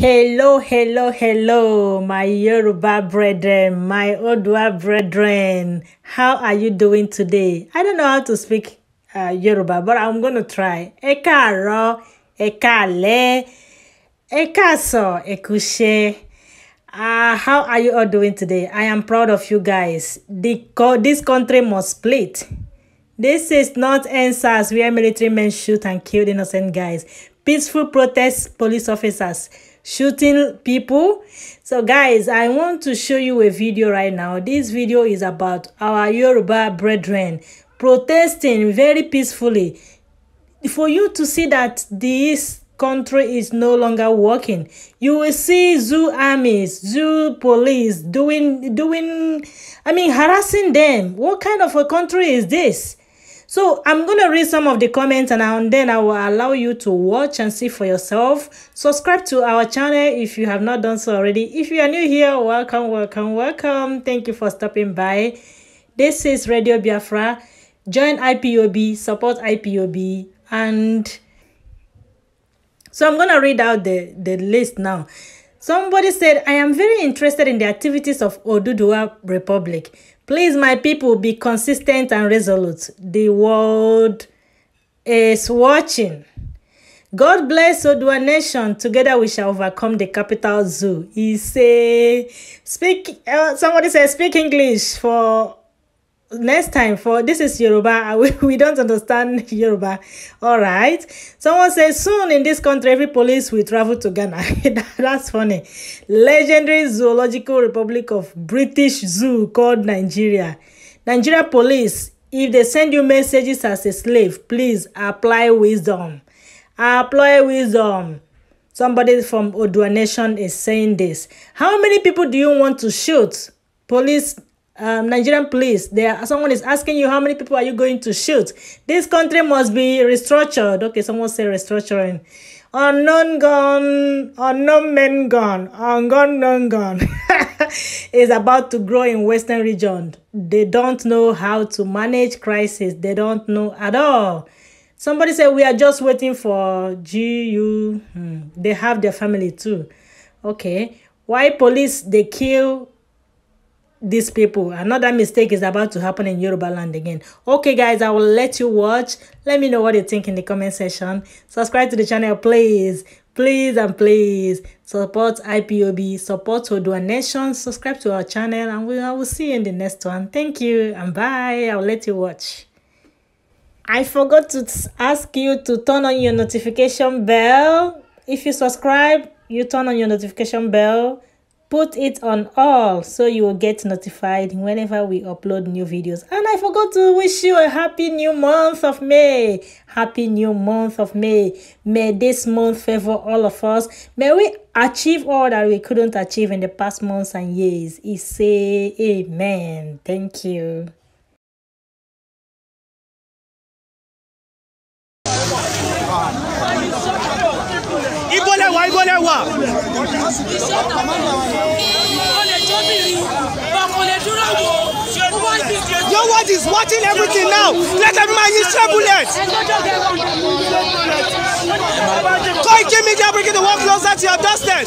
Hello, hello, hello, my Yoruba brethren, my Odua brethren. How are you doing today? I don't know how to speak uh, Yoruba, but I'm going to try. Ẹ káàárọ̀, ẹ káalẹ́, ẹ káàsán, ẹ uh, how are you all doing today? I am proud of you guys. The co this country must split. This is not answers where military men shoot and kill innocent guys. Peaceful protest police officers. shooting people so guys i want to show you a video right now this video is about our yoruba brethren protesting very peacefully for you to see that this country is no longer working you will see zoo armies zoo police doing doing i mean harassing them what kind of a country is this So I'm gonna read some of the comments and then I will allow you to watch and see for yourself. Subscribe to our channel if you have not done so already. If you are new here, welcome, welcome, welcome. Thank you for stopping by. This is Radio Biafra. Join IPOB, support IPOB and... So I'm gonna read out the, the list now. Somebody said, I am very interested in the activities of Oduduwa Republic. Please, my people, be consistent and resolute. The world is watching. God bless Odua Nation. Together we shall overcome the capital zoo. He say, speak, uh, somebody says, speak English for next time for this is Yoruba. We, we don't understand Yoruba. All right. Someone says soon in this country every police will travel to Ghana. That's funny. Legendary Zoological Republic of British Zoo called Nigeria. Nigeria police, if they send you messages as a slave, please apply wisdom. Apply wisdom. Somebody from Odua Nation is saying this. How many people do you want to shoot? Police um, Nigerian police. There, someone is asking you how many people are you going to shoot. This country must be restructured. Okay, someone say restructuring. Unknown gun, unknown men gun, unknown non gun is about to grow in Western region. They don't know how to manage crisis. They don't know at all. Somebody said we are just waiting for GU. Hmm. They have their family too. Okay, why police they kill these people another mistake is about to happen in yoruba land again okay guys i will let you watch let me know what you think in the comment section subscribe to the channel please please and please support ipob support odua nation subscribe to our channel and we, i will see you in the next one thank you and bye i will let you watch i forgot to ask you to turn on your notification bell if you subscribe you turn on your notification bell put it on all so you will get notified whenever we upload new videos and i forgot to wish you a happy new month of may happy new month of may may this month favor all of us may we achieve all that we couldn't achieve in the past months and years he say amen thank you wà. your word is watching everything now let them mind his turbulence. Koiki Media bring the world closer to your doorstep.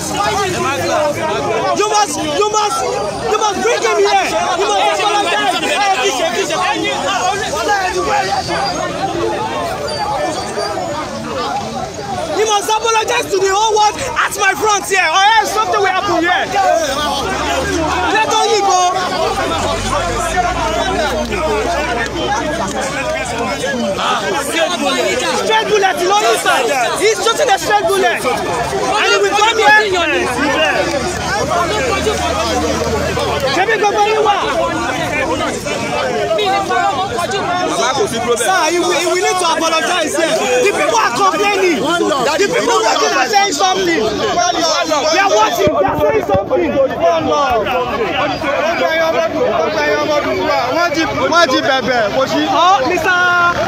You must, you must, you must bring him here. You must follow them. must apologize to the whole world at my front here or oh, else something will happen here. Let us go. Straight bullet, no inside. He's shooting a straight bullet. And he will come here. Kẹ́mi gbogbo yín wà. Mama, kò sí problem. Sir, you, you will need to apologize here. The people are complaining. The people watching are saying something. They are watching, they are saying something. Wọ́n ti bẹ̀bẹ̀ kò sí. Mr.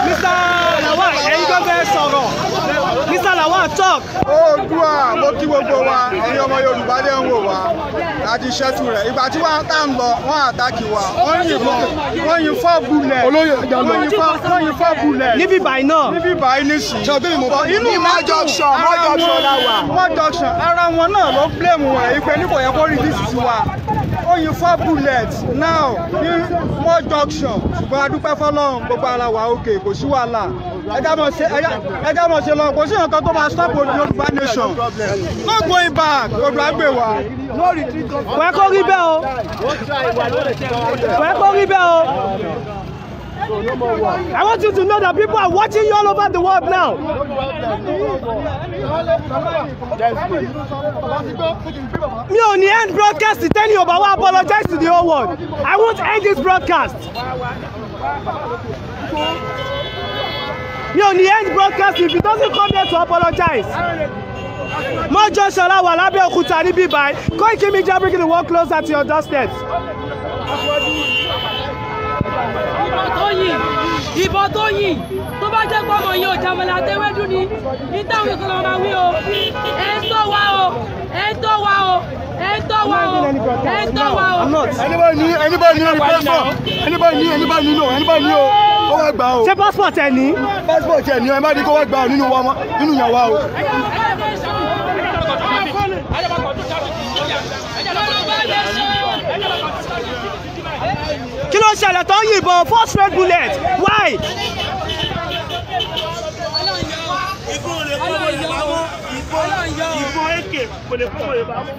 Mr. Lawal, ẹ̀yin kan fẹ́ sọ̀rọ̀. Lawan talk. Oòduà mo kí gbogbo wa ẹ̀yin ọmọ Yorùbá dé ń wò wá láti ṣẹ́tù rẹ̀ ìgbà tí wọ́n tá ń lọ wọ́n àtàkì wa wọ́n yìnbọn wọ́n yìn fọ́ bulẹ̀ wọ́n yìn fọ́ bulẹ̀ níbí báyìí náà níbí báyìí nísìnyí. ṣọ̀bí mo bọ́ inú mọ́jọ sàn mọ́jọ sàn la wà. mọ́jọ sàn ara wọn náà ló blame wọn ìpè ní kò yẹ kó rí dísì sí wa oyin four bullets now ní mọ́jọ sàn ṣùgbọ́n adúpẹ́ fọlọ́run gbogbo ara wa òkè kò sí wàhálà ẹ ká mọ̀ ṣe lọ kò sí nǹkan tó máa stop Yorùbá nation no going back Yorùbá gbé wa. wẹ́ẹ́ kó rí bẹ́ẹ̀ o wẹ́ẹ́ kó rí bẹ́ẹ̀ o. I want you to know that people are watching you all over the world now. Mi ò ní end broadcast tẹ́lẹ̀ ọba I apologize to the whole world. I want end this broadcast. You're on the end broadcast if he doesn't come here to apologize. Mojo Shola wà lábẹ́ òkúta níbí báyìí. Koiki Media bringing the world closer to your doorstep. Ìbọn tó yìn, ìbọn tó yìn, tó bá jẹ́ pọ́mọ yìí ò jàmọ̀lá tẹ́wẹ́dú ni, ní táwọn ìkọlọ́mọ wí o, ẹ̀ ń tó wá o, ẹ̀ ń tó wá o anybody ní anybody ní passport anybody ní anybody ní no anybody ní o kó wá gbà o. ṣé passport ẹ ní. passport ẹ ní ẹ má di kó wá gbà o nínú wa nínú yàn wa o. kí ló ṣẹlẹ̀ tó ń yìnbọn first red bullet why.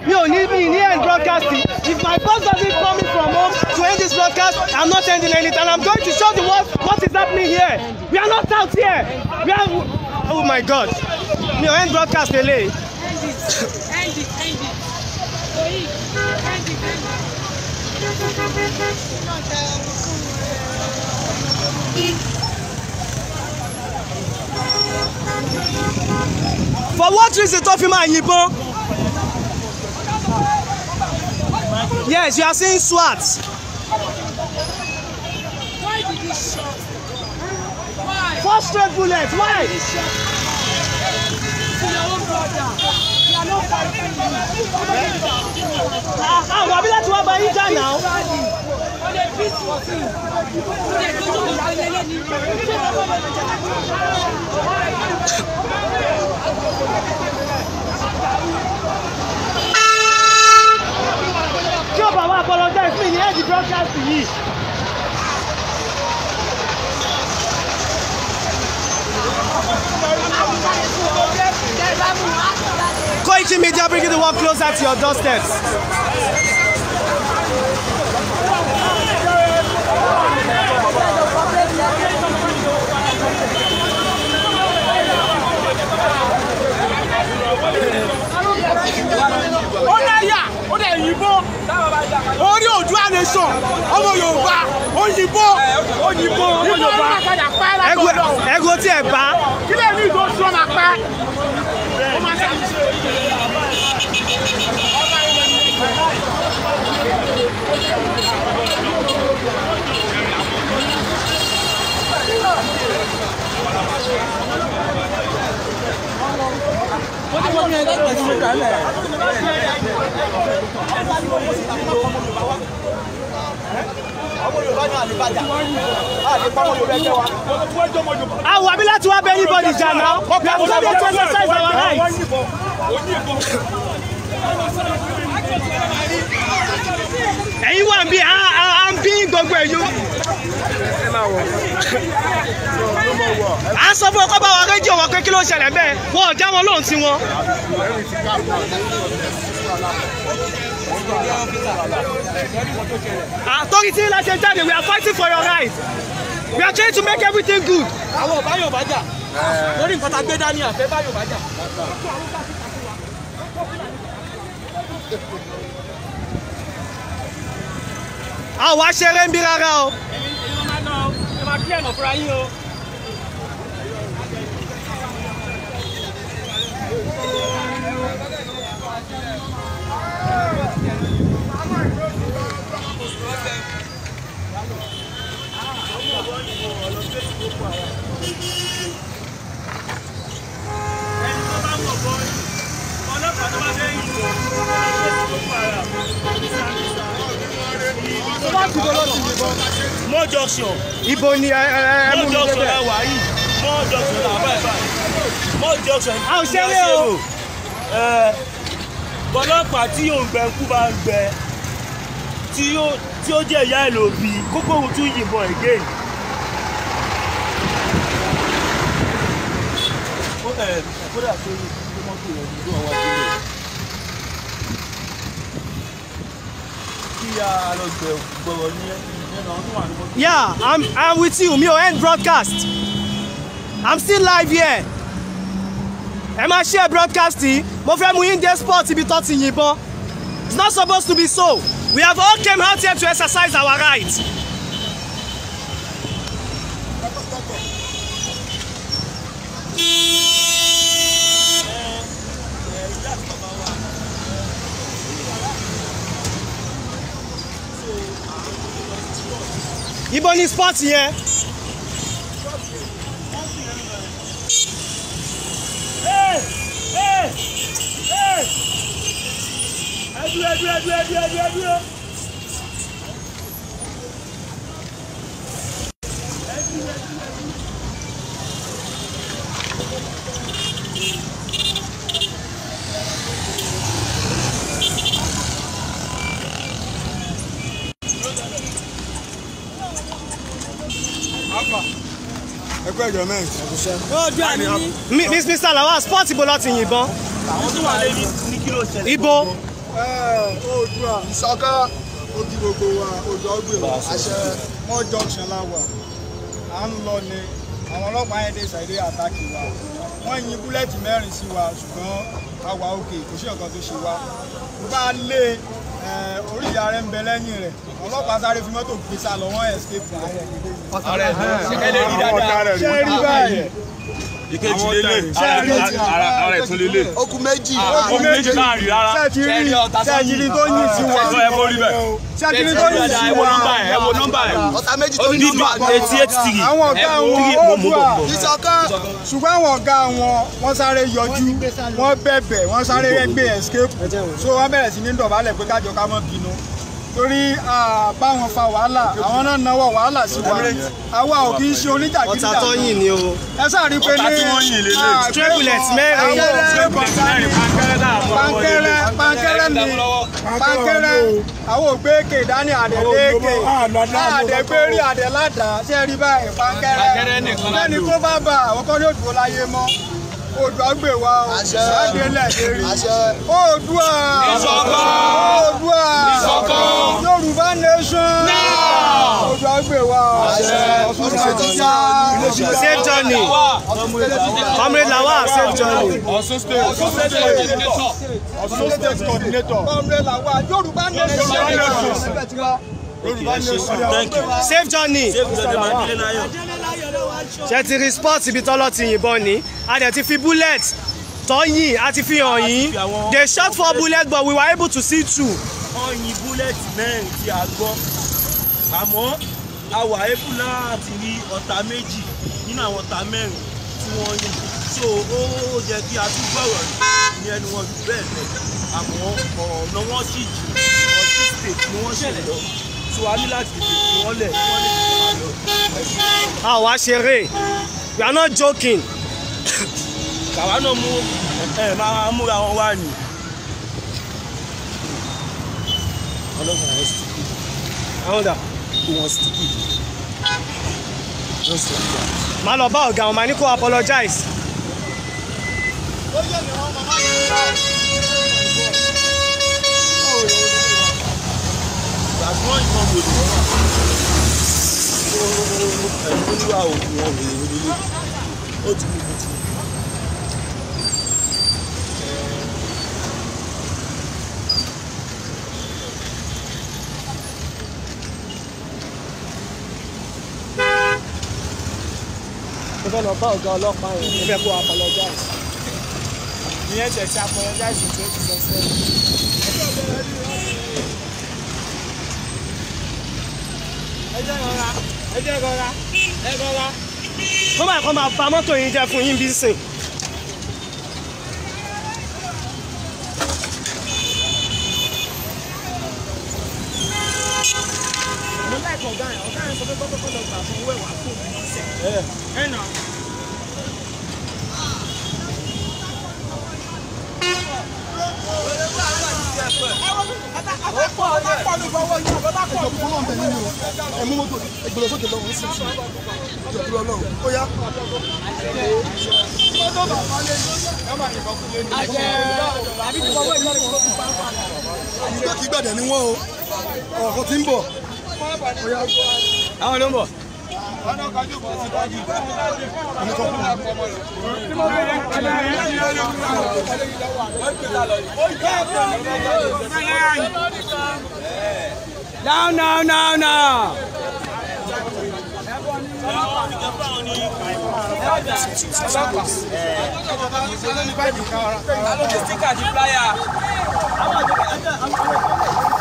mi ò ní mi ní end broadcasting if my boss doesn't call me from home to end this broadcast i'm not ending anything and i'm going to show the world what is happening here we are not out here we are oh my god mi ò end broadcast lele. end it end it for what reason tó fi máa yìnbọn yes you are seeing SWAT. why did he shoot why four straight bullets why. Why? àwọn abilà tí wọ́n bá yín jà náà tí ó bá wá mi ní ẹ́ẹ̀dì broadcast yìí. Koiki Media bringing the world closer to your doorsteps. ó orí Oòduà nation ọmọ Yorùbá ó yìnbó ọmọ Yorùbá ẹgbẹ́ tí ẹ bá. kílẹ̀ ní ìgbó tí wọ́n máa pa Thank you wọ́n ti wọ́n ní ẹgbẹ́ ìgbà tí mo kà lẹ̀. Àwọn àbí láti wá bẹ́ẹ̀ níbọ̀dì jà náà. Ọ̀pọ̀ àwọn ọmọdé tó ń sẹ́sẹ́ ìgbà wọn láì. wà ń bí à ń gbogbo ẹ̀yọ́ a sọ fún ọkọ bá wa rédíò wa ló ṣẹlẹ̀ bẹ́ẹ̀ wọ́n ọ̀já wọn lóhùn tí wọn. torí tí ilé jáde we are fighting for your rights we are trying to make everything good. àwọn ọba yóò bá jà lórí nǹkan tá a gbé dání àfẹ́ bá yóò bá jà. a wá ṣeré ń bí rárá o. èmi ló máa ná ọ ẹ máa kí ẹ̀nà fúnra yín o. More Ibo ni ẹ mú mi débẹ̀. More junction ẹ wà yìí mọ́ junction ní ọ̀ṣẹ́rò ọlọ́pàá tí yóò ń kú bá ń bẹ tí ó jẹ́ ìyá ìlò bí kókó òun tún yìnbọn again. Yeah, I'm, I'm with you. Mi end broadcast. I'm still live here ẹ máa share broadcasting? yìí mo fẹ́ mú yín dé sport ibi tó ti yìnbọn it's not supposed to be so we have all came out here to exercise our rights. ibo ni sport yẹn. Ẹdúró ẹdúró ẹdúró ẹdúró ẹdúró ẹdúró. Abba. ẹ kú ẹjọ mẹ́rin. ojú àmì ní. Mr. Lawal sport ibo lọ ti yìnbọn. àwọn tó wà lẹ́yìn ní kí ló ṣẹlẹ̀. ibo. oòdùà ìsọká ojú gbogbo wa ojú ọgbẹ wa àṣẹ mọ junction la wà à ń lọ ni àwọn ọlọ́pàá yẹn dé ṣàdé àtàkì wa wọ́n yin búlẹ́ẹ̀tì mẹ́rin sí wa ṣùgbọ́n a wà òkè kò sí ọ̀kan tó ṣe wa bá a lé Eh, orí ìyá rẹ̀ ń bẹ lẹ́yìn rẹ̀ ọlọ́pàá sáré fi mọ́tò gbé sá lọ wọ́n escape ààrẹ. ọ̀tá ṣe é rí dáadáa ṣe rí báyìí ìkejì lélẹ̀ ara ẹ̀ tún lélẹ̀. okùn méjì ah, okùn méjì láàrin rárá. sẹ́ẹ̀tìrì sẹ́ẹ̀tìrì tó yìn ah, sí wa. sẹ́ẹ̀tìrì tó yìn sí wa. ẹ nọ́mbà ẹ. ọ̀tá méjì tó yìn sí wa. eighty ọ̀gá wọn ó gbà ìṣọ̀kan ṣùgbọ́n àwọn ọ̀gá wọn wọ́n sáré yọjú wọ́n bẹ̀bẹ̀ wọ́n sáré ẹgbẹ́ escape so wọ́n bẹ̀rẹ̀ sí ní dọ̀bálẹ̀ pé kájọ ká mọ́ bínú torí bá wọn fa wàhálà àwọn náà náwó wàhálà sí wa àwa ò kì í ṣe oníjàgídíjà ọ̀tà tó yìn ni o ẹ sáà rí pé ní triplet mẹ́rin pankẹ́rẹ́ pankẹ́rẹ́ ni pankẹ́rẹ́ àwọn ògbé èké dání àdè léèké àdè gbérí àdè ládàá ṣe rí báyìí pankẹ́rẹ́ lẹ́ni tó bá bá àwọn kan yóò dúró láyé mọ́. Oòduà gbè wá o láti ẹlẹ́ẹ̀dẹ́ rí Oòduà Oòduà Yorùbá nation Oòduà gbè wá o Ọ̀ṣun títà safe journey comrade Lawal safe journey Ọ̀ṣun state Ọ̀ṣun state coordinator comrade Lawal Yorùbá nation Yorùbá nation thank you safe journey. Safe journey ṣe ti rí spọ́ọ̀tì ibi tọ́lọ́ ti yìnbọn ni a dẹ̀ ti fi bullet tọ́yìn a ti fi hàn yín they shot four bullets but we were able to see two. ọyìn bullet mẹ́rin tí a gbọ́ àmọ́ a wà ébù láti rí ọ̀tá méjì nínú àwọn ọ̀tá mẹ́rin tí wọ́n yìn so ó yẹ kí a tún gbọ̀rọ̀ ní ẹnu wọn jù bẹ́ẹ̀ lọ àmọ́ ọ̀nà wọn sì jù ọ̀sùn state ni wọ́n ṣẹlẹ̀ lọ tí wàá ní ṣeré we are not joking. bàbá náà mú ẹ máa múra wọn wá ni. ọlọ́run àwọn sticky àwọn dà kó wọn sticky just like that. má lọ bá ọ̀gá wọn máa ní kó apologize. ó yẹ mi wọn máa ń bá ọ. àsùnwọ̀n mo fẹ́ lọ bá ọ̀gá ọlọ́pàá yẹn mo fẹ́ kó apologize ìyẹn tẹ̀ apologize tó sẹ́yìn. ẹjẹ́ rọra ẹjẹ́ rọra ẹ rọra. kó máa kọ́ máa ba mọ́tò yín jẹ́ fún yín bí sìn. mo ẹ̀ náà. ìgbàkí ni wọ́n o ọ̀rọ̀ kan ń bọ̀ àwọn ló ń bọ̀ ọ̀nà kan jù sí dájú ọ̀nà kan kú. Now, now, now, now. Àwọn ọ̀dọ́ ẹgbẹ́ àwọn ọ̀dọ́.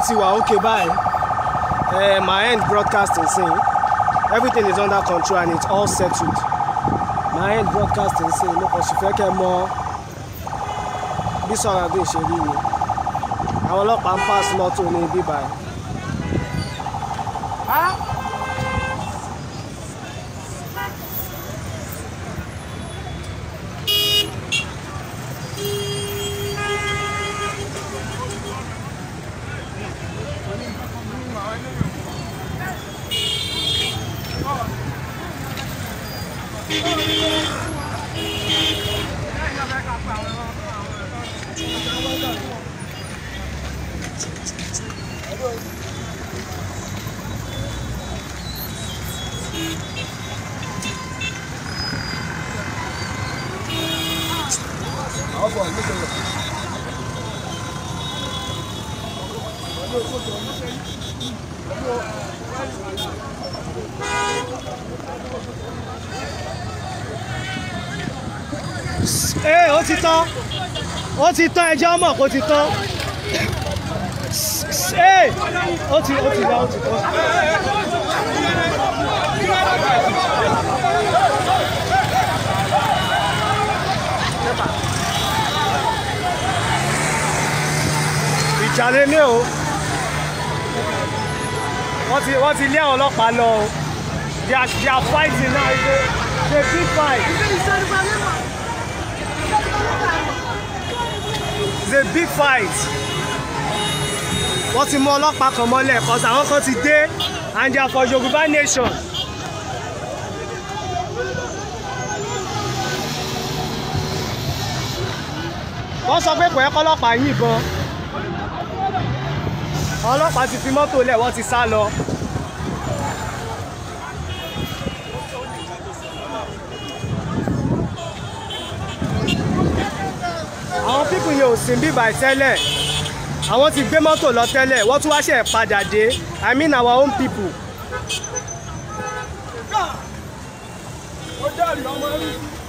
ẹ ti wà okay báyìí uh, eh, my end broadcasting sin everything is under control and it's all settled my end broadcasting sin No, kàn sì fẹ́ kẹ́ mọ bí sọ̀rọ̀ àgbẹ̀ ṣe rí mi àwọn ọlọ́pàá ń pass lọ́tò ní bíbáyìí. Apa, gitu ya. ti tán ó ti tán ẹjọ́ mọ̀ kó ti tán ẹ ó ti ó ti dá ó ti tán. ìjà lélẹ̀ o wọ́n ti lé ọlọ́pàá lọ o they are they are fighting now it's a it's big fight it's a big fight wọ́n ti mú ọlọ́pàá kan mọ́lẹ̀ cause àwọn kan ti dé and they are for Yorùbá nation. wọ́n sọ pé kò yẹ kọ́lọ́pàá yìnbọn ọlọ́pàá ti fi mọ́tò lẹ̀ wọ́n ti sá lọ. àwọn pípù yẹn ò sí bíbà tẹ́lẹ̀ àwọn ti gbé mọ́tò lọ tẹ́lẹ̀ wọ́n tún wá ṣe padà dé I mean our own people. ó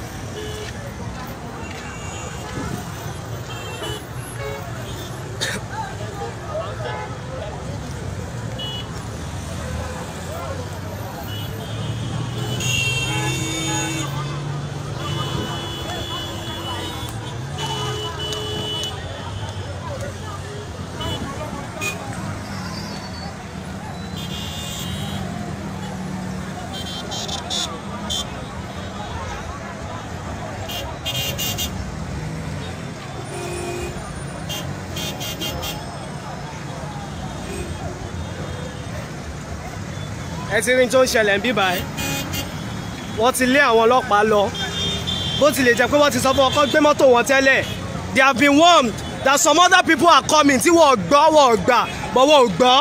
ẹ ti rí tó ń ṣẹlẹ̀ ń bíbá ẹ wọ́n ti lé àwọn ọlọ́pàá lọ bó tilẹ̀ jẹ́ pé wọ́n ti sọ fún ọkọ gbé mọ́tò wọn tẹ́lẹ̀ they have been warned that some other people are coming tí wọ́n gbọ́ wọ́n gbà but wọ́n gbọ́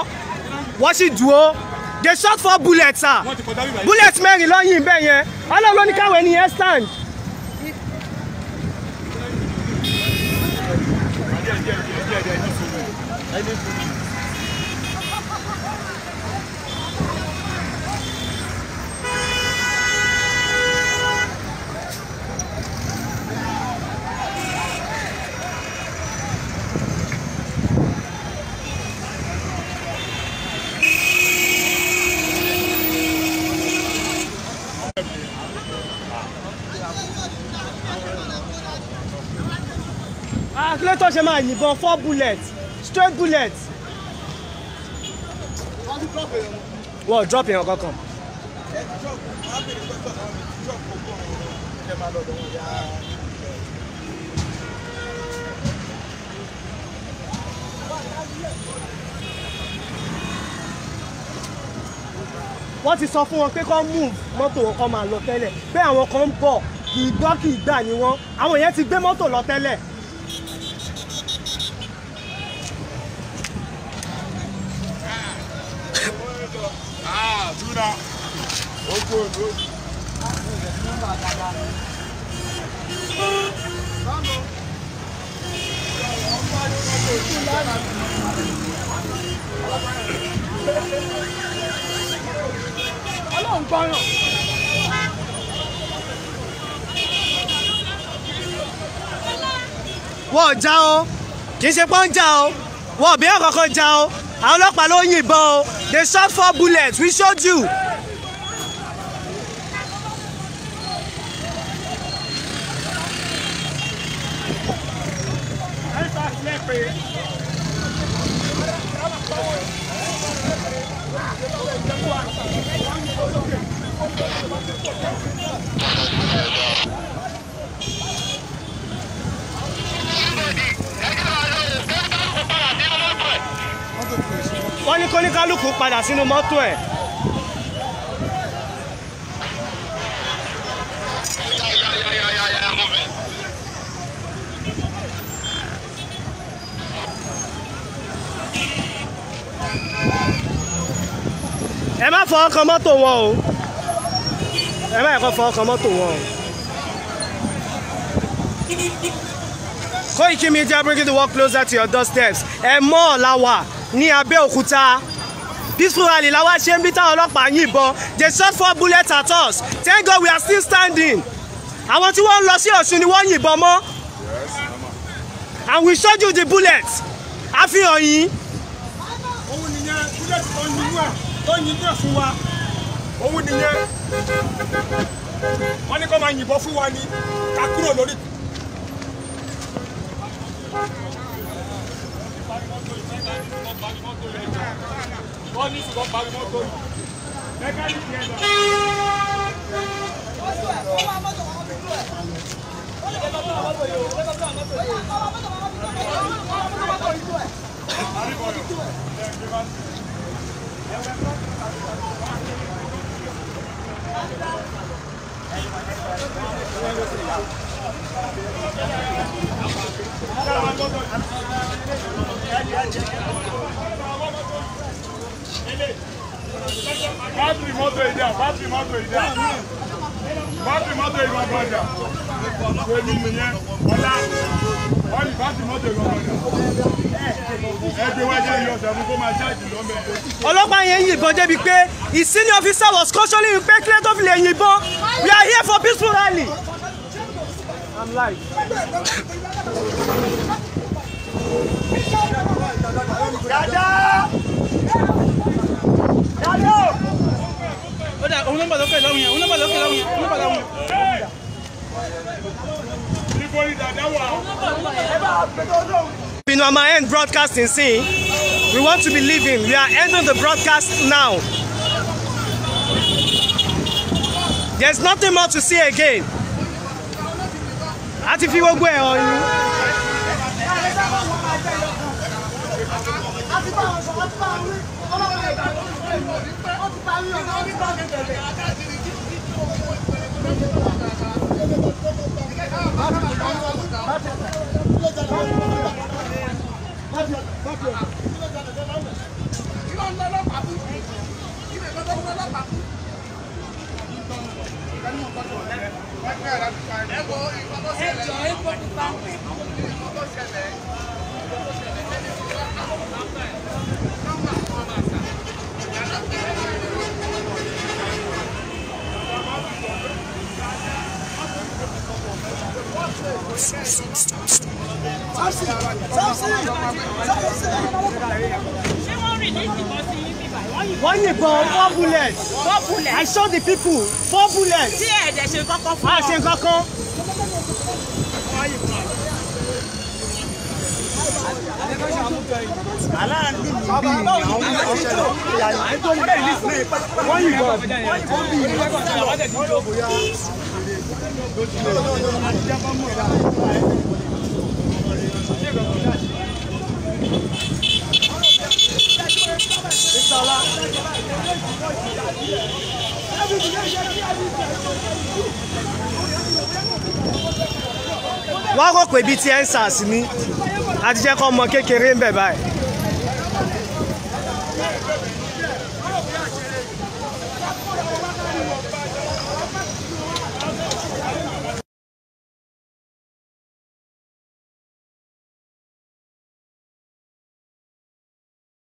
wọ́n sì dúró they shot four bullets ah Bullets mẹ́rin lọ́yìn bẹ́ẹ̀ yẹn ọlọ́run ló ní káwọn ẹni yẹn stand. Thank you. calculator ṣe máa yìnbọn four bullets straight bullets. wọ́n drop èèyàn kankan. wọ́n ti sọ fún wọn pé kán move mọ́tò wọn kán máa lọ tẹ́lẹ̀ pé àwọn kan ń bọ̀ kì í gbọ́ kì í gbà ni wọ́n àwọn yẹn ti gbé mọ́tò lọ tẹ́lẹ̀ ìtura ojú òdo. ọlọ́run gbọ́ràn. wọ́n já o kì í ṣe pọ́n já o wọ́n bí ọ̀kọ̀ọ̀kan já o àwọn ọlọ́pàá ló yìnbọn o. They shot four bullets. We showed you. wọ́n ní kóníkálukú padà sínú mọ́tò ẹ̀. ẹ má fọ ọkàn mọ́tò wọn o ẹ má ẹ̀kọ́ fọ ọkàn mọ́tò wọn o. Koiki Media bringing the world closer to your doorsteps ẹ mọ́ ọ̀la wà ní Abẹ́òkúta peacefully làwa ṣe ń bí táwọn ọlọ́pàá yìnbọn they shot four bullets at us thank God we are still standing àwọn tí wọ́n ń lọ sí Ọ̀ṣun ni wọ́n yìnbọn mọ́ and we showed you the bullets àfihàn yìí. òun nìyẹn bullet tó ń yinú ẹ̀ tó ń yinú ẹ̀ fún wa òun nìyẹn wọ́n ní kó máa yìnbọn fún wa ni ká kúrò lórí wọ́n ní ṣùgbọ́n parí mọ́tò yìí. mẹkáníìkì ẹ̀ lọ. ó sọ ẹ̀ fún wa mọ́tò wọn fi lù ẹ̀. ó lè fẹ́ bá mọ́tò yìí o lè fẹ́ bá mọ́tò yìí o. ó yà fọwọ́ mọ́tò wọn fi lù ẹ̀. ó lè fẹ́ bá mọ́tò yìí lù ẹ̀. àríkọ̀yọ̀ ẹ̀ ẹ̀ gbé wá sí i. ẹ̀wẹ̀ fọ́ọ̀tì àti àti wá sí i. Bátìrì mọ́tò ìdá, bátìrì mọ́tò ìdá. Bátìrì mọ́tò ìwọ̀n gbọ́dọ̀. Èmi nìyẹn, ọ̀la, ọ̀lì bátìrì mọ́tò ìwọ̀n gbọ́dọ̀. Ẹgbẹ́ wájú ẹ̀yọ́ ṣàmú kó máa ṣáàjì lọ́mọ ẹ̀. Ọlọ́pàá yẹn yìnbọn débi pé his senior officer was cautioning him pé kílẹ̀ tó fi lè yìnbọn. We are here for peaceful rally. I'm live. Dada! Dada! Ó dà, òun ló ń bọ̀ lókè lọ́hùn yẹn, òun ló ń bọ̀ lókè lọ́hùn yẹn, know my end broadcasting see we want to be leaving we are ending the broadcast now there's nothing more to see again a ti fi gbogbo ẹ̀ hàn yín. Thank you. many people four bullets. tí ẹ̀ẹ́dẹ̀ ṣe kọ́kọ́ fún ọ. a ṣe kọ́kọ́. aláàánú wọ́n á rò pé bíi ti ẹ́ńsàs ni a ti jẹ́ kọ́ ọmọ kékeré ń bẹ̀ báyìí.